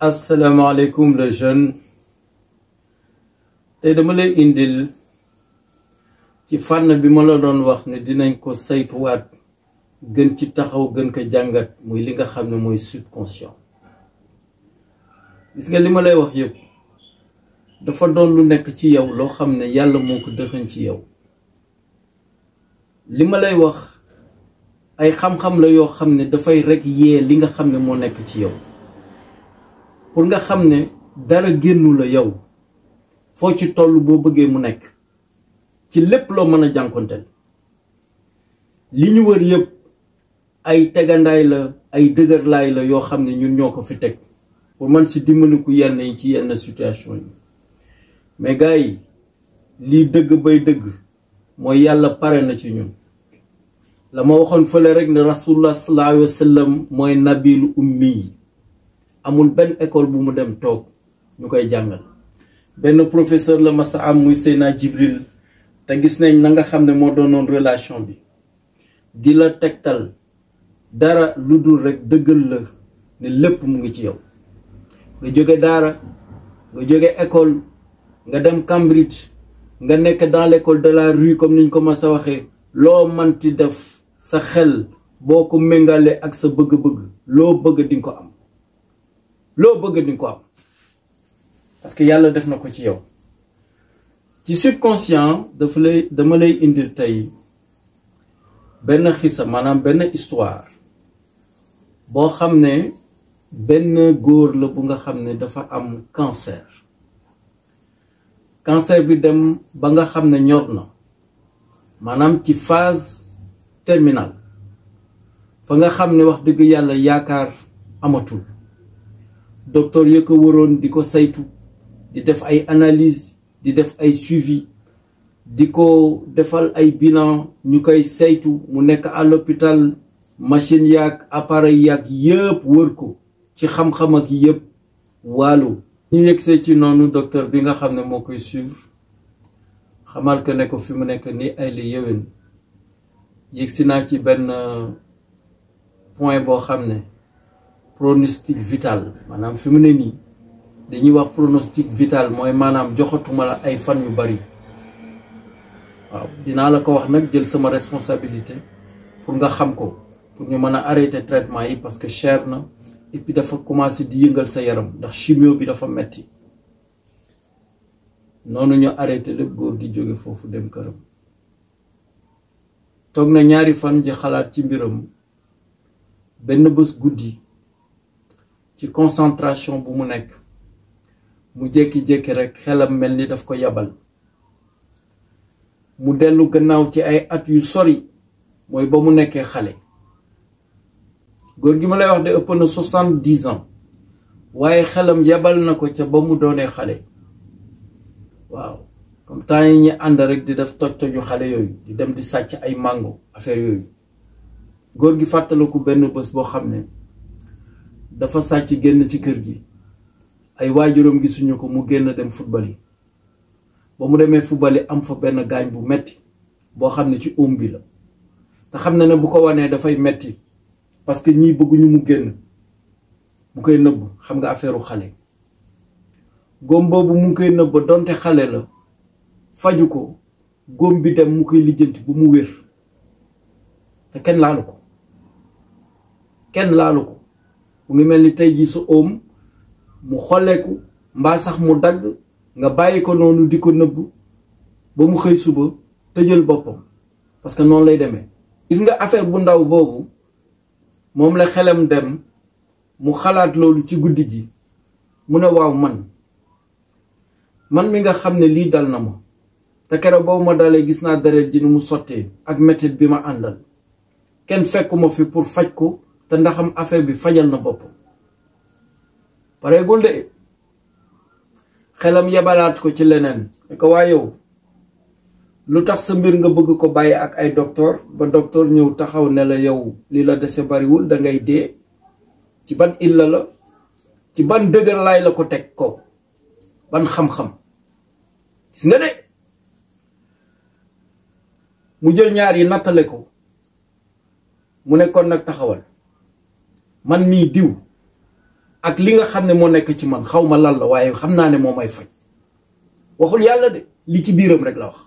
asalaamaaleykum les jeunes tey dama lay indil ci fànn bi ma la doon wax ne dinañ ko saytuwaat gën ci taxaw gën ko jàngat muy li nga xam ne mooy subconscient gis nga li ma lay wax yëpp dafa doon lu nekk ci yow loo xam ne yàlla moo ko dëxañ ci yow li ma lay wax ay xam-xam la yoo xam ne dafay rek yee li nga xam ne moo nekk ci yow pour nga xam ne dara génnu la yow foo ci toll boo bëggee mu nekk ci lépp loo mën a jànkonteel li ñu wër yëpp ay tegandaay la ay dëgërlaay la yoo xam ne ñun ñoo ko fi teg pour man si dimbaliku yenn yi ci yenn situation yi mais gars lii dëgg bay dëgg mooy yàlla pare na ci ñun la ma waxoon fële rek ne rasulullah sallallahu alayhi mooy nabil ummi yi amul benn école bu mu dem toog ñu koy jàngal benn professeur la ma sa am muy Seyna Jibril te gis nañ na nga xam ne moo doon doonoon relation bi di la tegtal dara lu dul rek dëggal la ne lépp mu ngi ci yow nga jóge daara nga jóge école nga dem Cambridge nga nekk dans l'école de la rue comme ni ñu ko ma sa waxee loo manti def sa xel boo ko méngale ak sa bëgg-bëgg loo bëgg di nga ko am lo bëgg di ko am parce que yalla def na ko ci yow ci subconscient dafa lay dama lay indil tey xisa manam ben histoire bo xam ben benn la bu nga xam dafa am cancer cancer bi dem ba nga xam ne ñor na maanaam ci phase terminale fa nga xam wax dëgg yalla yaakaar amatul docteur ya wëroon di ko saytu di def ay analyse di def ay suivi di ko defal ay bilan ñu koy saytu mu nekk à l'hôpital machine yaag appareil yaag yëpp wër ko ci xam-xam ak yëpp waalo ñu yegsee ci noonu docteur bi nga xam ne moo koy suivre xamal ko ne ko fi mu nekk nii ay la yéwén yegsi naa ci benn euh, point boo xam ne pronostic vital maanaam fi mu ne nii dañuy wax pronostic vital mooy maanaam joxatuma la ay fan yu bari waaw dinaa la ko wax nag jël sama responsabilité pour nga xam ko pour ñu mën a arrêter traitement yi parce que cher na et puis dafa commencé di yëngal sa yaram ndax chimio bi dafa metti noonu ñu arrêté lépp góor gi jóge foofu dem këram toog na ñaari fan ji xalaat ci mbiram benn bés guddi ci concentration bu mu nekk mu jékki-jékki rek xelam mel ni daf ko yabal mu dellu gannaaw ci ay at yu sori mooy ba mu nekkee xale góor gi ma lay wax de ëpp na soixante-dix ans waaye xelam yabal na ko ca ba mu doonee xale waaw comme temps yi ñu ànd rek di def toj-toju xale yooyu di dem di sàcc ay màngo affaire yooyu góor gi fàttaliku benn bës boo xam ne dafa sàcc génn ci kër gi ay waajuram gisuñu ko mu génn dem football yi ba mu demee football yi am fa benn gaañ bu metti boo xam ne ci um bi la te xam na ne bu ko wanee dafay metti parce que ñii bëgguñu mu génn mu koy nëbb xam nga affaireu xale góom boobu mu koy nëbb donte xale la faju ko góom bi dem mu koy lijjanti bu mu wér te kenn laalu ko kenn laalu ko mu ngi mel ni tey jii su oom mu xolleeku mbaa sax mu dagg nga bàyyi ko noonu di ko nëbb ba mu xëy suba tëjal boppam parce que noonu lay demee gis nga affaire bu ndaw boobu moom la xelam dem mu xalaat loolu ci guddi gi mu ne waaw man man mi nga xam ne lii dal na ma te keroog boobu ma dalee gis naa deret ji ni mu sottee ak métit bi ma àndal kenn fekkuma fi pour faj ko te ndaxam affaire bi fajal na bopp pareegul de xelam yabalaat ko ci ko waa yow lu tax sa mbir nga bëgg ko bàyyi ak ay docteur ba docteur ñëw taxaw ne la yow li la dese bariwul da ngay ci ban illa la ci ban dëgër laay la ko teg ko ban xam-xam gis nga de mu jël ñaar yi ko mu nekkoon nag taxawal man mii diw ak li nga xam ne moo nekk ci man xaw ma lan la waaye xam naa ne moo may faj waxul yàlla de li ci biiram rek la wax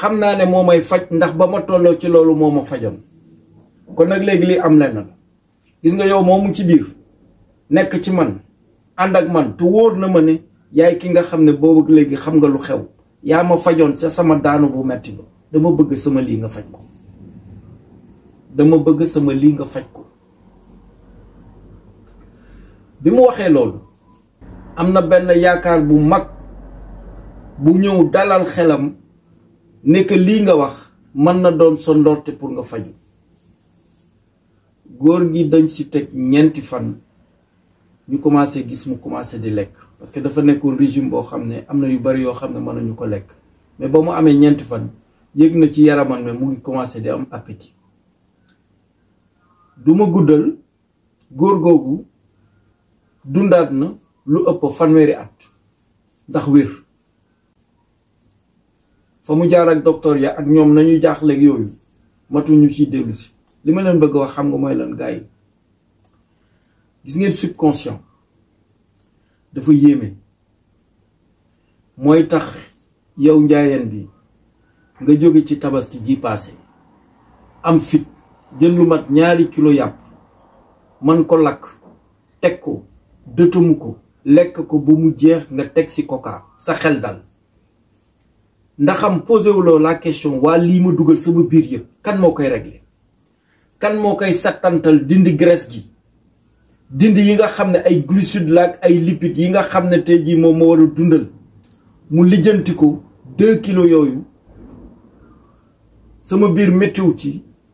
xam naa ne moo may faj ndax ba ma tolloo ci loolu moo ma fajoon kon nag léegi li am lenn la gis nga yow moomu ci biir nekk ci man ànd ak man te wóor na ma ne yaay ki nga xam ne boobu léegi xam nga lu xew yaa ma fajoon sa sama daanu bu metti ba dama bëgg sama lii nga faj ko dama bëgg sama lii nga faj ko bi mu waxee loolu am na benn bu mag bu ñëw dalal xelam ne que lii nga wax mën na doon sa ndorte pour nga faju góor gi dañ si tek ñeenti fan ñu commencé gis mu commencé di lekk parce que dafa nekkoon régime boo xam ne na yu bari yoo xam ne ko mais ba mu amee ñeenti fan yëg ci yaramam mu ngi commencé di am appétit duma guddal góor googu dundaat na lu ëpp fanweeri at ndax wér fa mu jaar ak docteur ya ak ñoom nañu jaaxleeg yooyu matuñu ci dellu li ma leen bëgg wax xam nga mooy lan gars gis ngeen subconscient dafa yéeme mooy tax yow njaayeen bi nga jóge ci tabaski ji paase am fit jël lu mat ñaari kilo yàpp man ko lakk teg ko dëtamu ko lekk ko ba mu jeex nga teg ci coca sa xel dal ndaxam posé wuloo la question waa lii ma dugal sama biir yëpp kan moo koy régler kan moo koy sattantal dindi graisse gi dindi yi nga xam ne ay glucides la ak ay lipides yi nga xam ne tey jii moom moo war dundal mu lijjanti ko deux kilos yooyu sama biir méttiw ci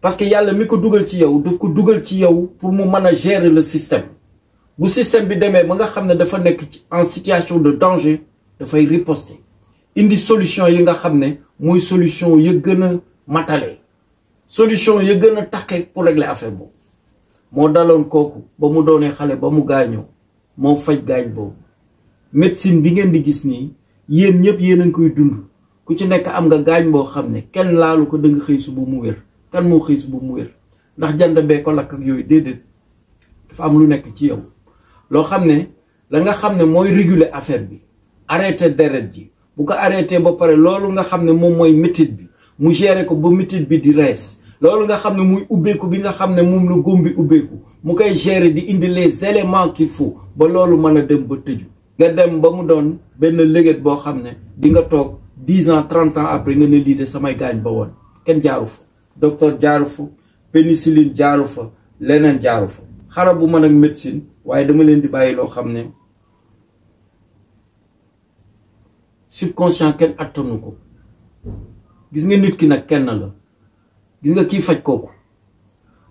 parce que yalla mi ko dugal ci yow daf ko dugal ci yow pour mu meuna gérer le système bu système bi demee ba nga xamné dafa nek en situation de danger fay riposter indi solution yi nga xamné moy solution ye gën matale solution ye gën takke pour régler affaire bo mo dalon koku ba mu doonee xalé ba mu gaañoo mo fajj gañ bo médecine bi ngeen di gis ni yeen ñep yeen ngui koy dund ku ci nek am nga gañ bo xamné ne kenn laalu ko da mu kan moo xiss bu mu ndax jant bee ko lak ak yoy dedet dafa am lu nek ci yow lo xamne la nga xamne moy réguler affaire bi arrêté deret ji bu ko arrêté ba pare lolou nga xamne mom moy métit bi mu géré ko ba métit bi di res lolou nga xamne ne muy ubbeeku bi nga xamne mom lu gombi góom bi mu koy gérer di indi les éléments qu'il faut ba lolou mën dem ba tëju nga dem ba mu don ben lëgët bo xamne di nga tok dix ans trente ans après nga ne li de samay gaañ ba won ken jaaru docteur jaaru fa pénicilline jaaru fa leneen jaaru fa xarab bu mën ak médecine waaye dama leen di bàyyi loo xam ne subconscient kenn attanu ko gis nga nit ki nag kenn la gis nga kii faj kooku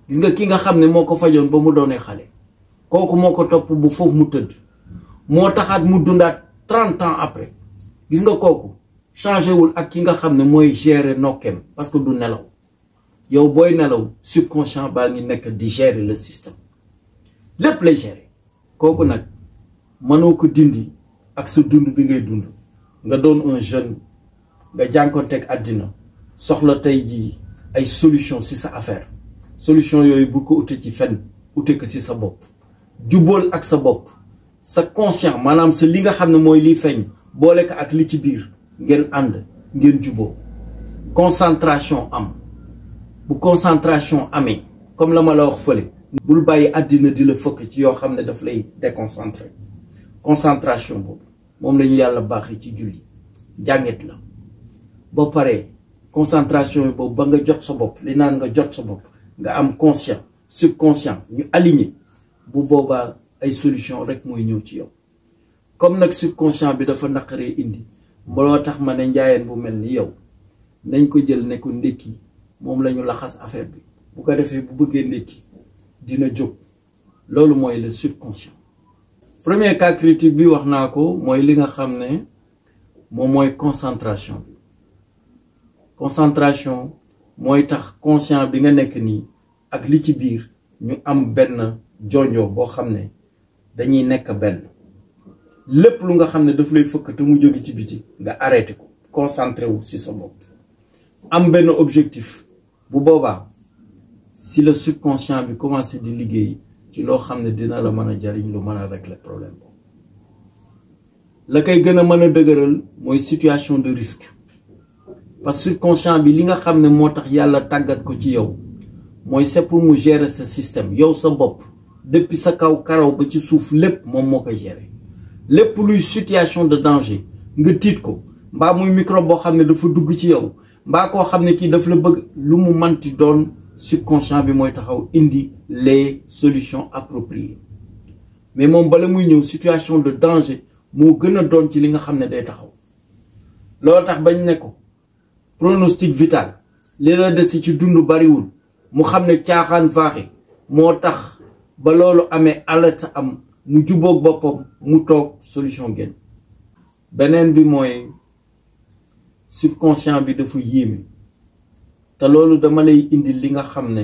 gis nga ki nga xam ne moo ko fajoon ba mu doonee xale kooku moo ko topp bu foofu mu tëdd moo taxaat mu dundaat trente ans après gis nga kooku changé wul ak ki nga xam ne mooy gere nokkeem parce que du nelaw Yo boy nelaw subconscient ba ngi nek gérer le système lépp lay gérer dindi ak sa dund bi ngay dund nga don un jeune nga jankontek soxla tay ji ay solution ci sa affaire solution yoy bu ko outé ci fenn outé ko sa ak sa sa conscient manam ce li nga ak li ci concentration am bu concentration amé comme la ma la wax baye adina di le fëkk ci yo xam daf lay déconcentrer concentration bob mom lañu yalla baxé ci julli jànget la bo paré concentration bob ba nga jot sa bopp li naan nga jot sa bopp nga am conscient subconscient ñu aligné bu boba ay solution rek moy ñew ci yow comme nak subconscient bi dafa nakaré indi baloo tax mané ne bu melni yow nañ ko jël ne ko ndékki moom la ñu laxas affaire bi bu ko defee bu bëggee léegi dina jóg loolu mooy le subconscient premier cas bi wax naa ko mooy li nga xam ne moom mooy concentration bi concentration mooy tax conscient bi nga nekk nii ak li ci biir ñu am benn jonjoo boo xam ne dañuy nekk benn lépp lu nga xam ne daf lay fëkk te mu jóge ci biti nga arrêté ko concentré wu ci sa bopp am benn objectif bu si le subconscient bi commencé di liggéey ci loo xam ne dina la manager il jariñ lu mën a régler problème boobu la koy gën a mën a situation de risque parce que subconscient bi li nga xam ne moo tax yàlla tàggat ko ci yow c'est pour mu gérer ce système yow sa bop depuis sa kaw karaw ba ci souf lepp mom moko gérer lepp luy situation de danger nga tit ko mbaa muy micro bo xam dafa dugg ci yow ba ko xamné ki kii daf la bëgg lu mu manti doon subconscient bi moy taxaw indi les solutions appropriées mais moom bala muy ñew situation de danger mo gëna a doon ci li nga xamné day taxaw tax bañ ne pronostic vital li la des ci bari wul mu xamné ne caaxaan mo tax ba loolu amé alerte am mu jubboog bopom mu tok solution gen. benen bi moy subconscient bi dafa yéeme te loolu dama lay indi li nga xam ne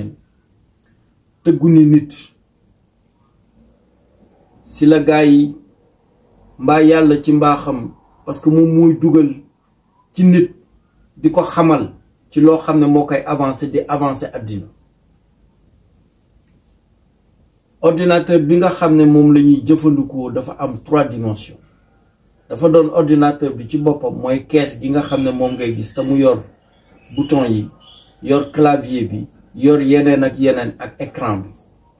tëgguñu nit si la gaa yi mbaa yàlla ci mbaaxam parce que moom mooy dugal ci nit di ko xamal ci loo xam ne moo koy avancer di avancer àddina ordinateur bi nga xam ne moom la ñuy jëfandikoo dafa am trois dimensions dafa doon ordinateur bi ci boppam mooy kees gi nga xam ne moom ngay gis te mu yor bouton yi yor clavier bi yor yeneen ak yeneen ak écran bi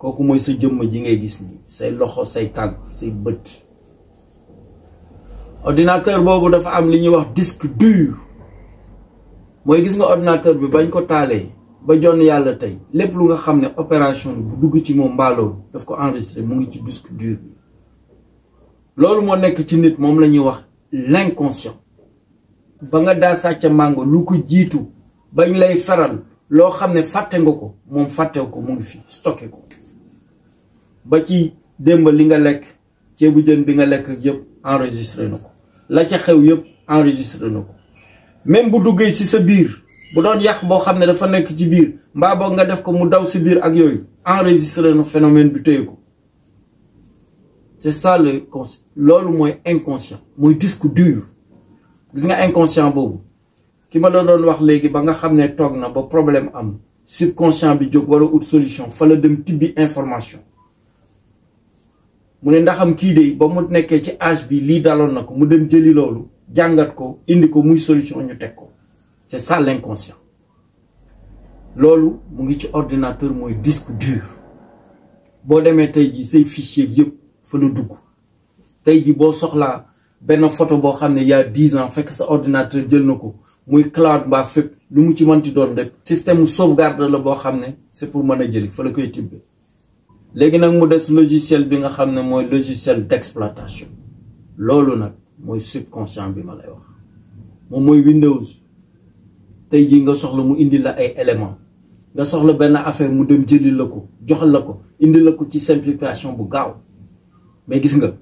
kooku mooy sa jëmm ji ngay gis nii say loxo say tànk say bët ordinateur boobu dafa am li ñuy wax disque dur mooy gis nga ordinateur bi bañ ko taalee ba jonn yàlla tey lépp lu nga xam ne opération bu dugg ci moom mbaaloolu daf ko enregistré mu ngi ci disque dur bi loolu moo nekk ci nit moom la ñuy wax l'inconscient ba nga daa sàcc màngo lu ko jiitu bañ lay faral loo xam ne fàtte nga ko moom fàtte ko mu ngi fi stocké ko ba ci démb li nga lekk ceebu jën bi nga lekk yëpp enregistré na ko la ca xew yëpp enregistré na ko même bu duggee ci sa biir bu doon yàq boo xam ne dafa nekk ci biir mbaa boog nga def ko mu daw si biir ak yooyu enregistré na phénomène bu téye ko c'est ça le conscient loolu inconscient mooy disque dur gis nga inconscient bobu. ki ma la doon wax léegi ba nga xamné tok na ba problème am subconscient bi jog wala solution fa la dem tibbi information mu ne ndaxam ki de ba mu nekkee ci âge bi li dalon na mu dem jëli loolu jangat ko indi ko muy solution ñu tek ko c'est ça l'inconscient loolu mu ngi ci ordinateur moy disque dur Bo démé tay ji say fichier yépp fa la dugg tey ji boo soxlaa photo boo xam ne y a dix ans fekk sa ordinateur jël na ko muy cloud mbaa fépp lu mu ci mënti doon rek système sauvegarde le boo xam c'est pour mën a jëli fa la koy tibbee léegi nag mu des logiciel bi nga xam ne logiciel d'exploitation loolu nag mooy subconscient bi ma lay wax moom mooy Windows tey jii nga soxla mu indi la ay éléments nga soxla benn affaire mu dem jëli la ko joxal la ko indi la ci simplification bu gaaw mais gis nga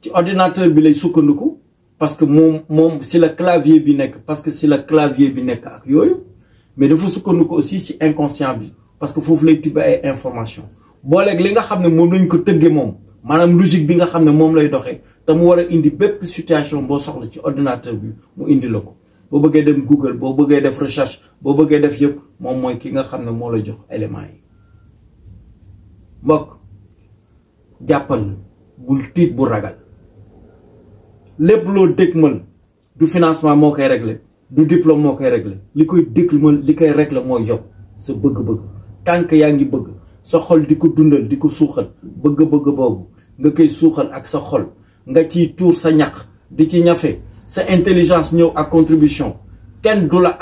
ci ordinateur bi lay sukkandiku parce que mom mom si la clavier bi nek parce que si la clavier bi nek ak yooyu mais dafa sukkandiku aussi ci inconscient bi parce que foofu lay tibb ay information lek li nga xamné mom lañ ko tëggee mom manam logique bi nga xamné mom lay doxé te mu war indi bép situation bo soxla ci ordinateur bi mu indi lako bo bëggé dem Google bo bëggé def recherche bo bëggé def yépp mom moy ki nga xamné mo moo lay jox élément yi mbokk jàppal bul bu ragal du financement mo koy réglé du diplôme mo koy réglé li koy dégmal li koy sa bëgg-bëgg ya ngi bëgg sa xol diko dundal diko suxal bëgg-bëgg nga ak sa xol nga sa sa intelligence ñëw ak contribution kenn du la